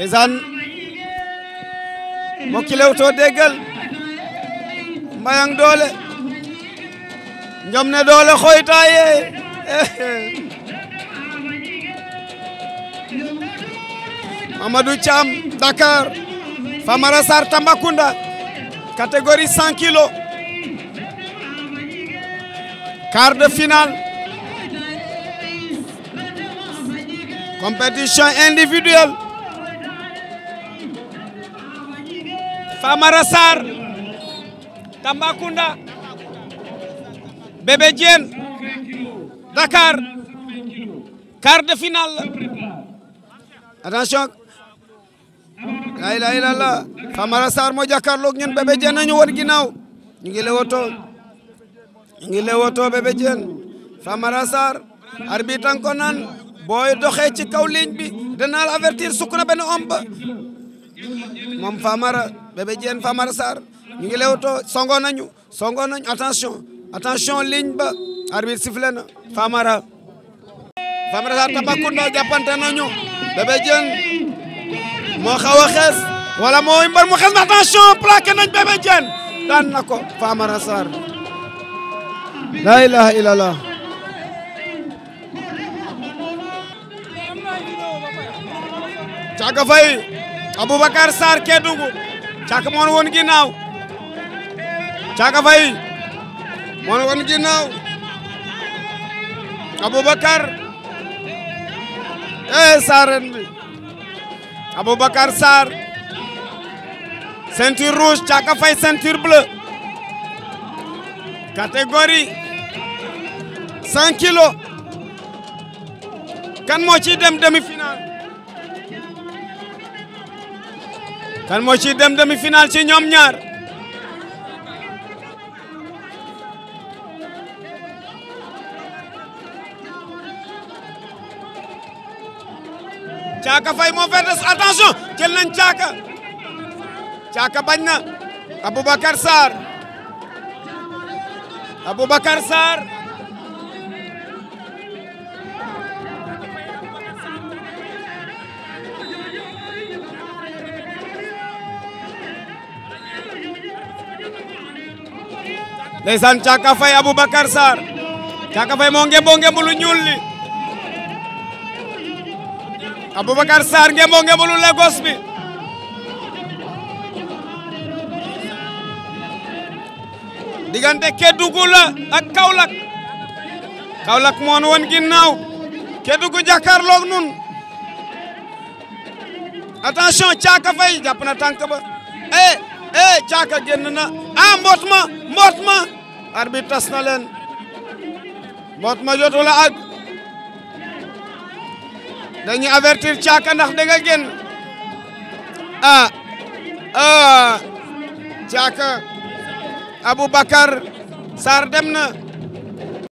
ndeysaan mbokki Leewtoo déggal mbayang doole njom ne doole xoytaaye Mamadou Thiam Dakar Famara Sarr Tambacounda catégorie 100 kilos quart de finale compétition individuelle Famara Sarr Tambacounda Bébé Diène Dakar quart de finale attention la ilaha illallah moo jàkkaarloog ñun Bébé Diène nañu woon ginnaaw ñu ngi lewoto ñu ngi lewoto Bébé Diène Famara Sarr arbitre naan booy doxee ci kaw ligne bi danaa avertir sukk na benn moom Famara bébé Diène Famara Sarr ñu ngi lewtoo songo nañu songo nañu attention attention ligne ba arbitre sifflé na Famara Famara Sarr Tambacounda nañu bébé moo xaw a xees wala moo mbar mu xees attention plaqué nañ bébé Diène daan na ko la ilaha illallah Thiaka Aboubacar Sarr Kédougou Thiaka moo woon ginnaaw Thiaka Faye moo woon ginnaaw Aboubacar eh Sarren bi Aboubacar Sarr ceinture rouge Thiaka Faye ceinture bleue catégorie 100 kilos kan moo ciy dem demi kan moo ci dem demi-finale ci ñoom ñaar Caaka Faye moo fay des attention jël nañ Caaka Caaka bañ na Aboubacar Sarr Aboubacar Sarr ndeysaan Caaka Faye Aboubacar Sarr Caaka Faye moo ngemboo ngembu ñuul li Aboubacar Sarr ngemboo ngembu lu bi diggante Kédougou la ak Kaolack Kaolack moon won ginnaaw Kédougou jàkkaarloog nun attention Caaka Faye jàpp na tànk ba eh eh caaka génn na ah mboot ma mboot ma arbitre tas na leen mboot ma jotul a àgg dañu avertir caaka ndax da nga génn ah, ah, caaka Aboubacar Sarr dem na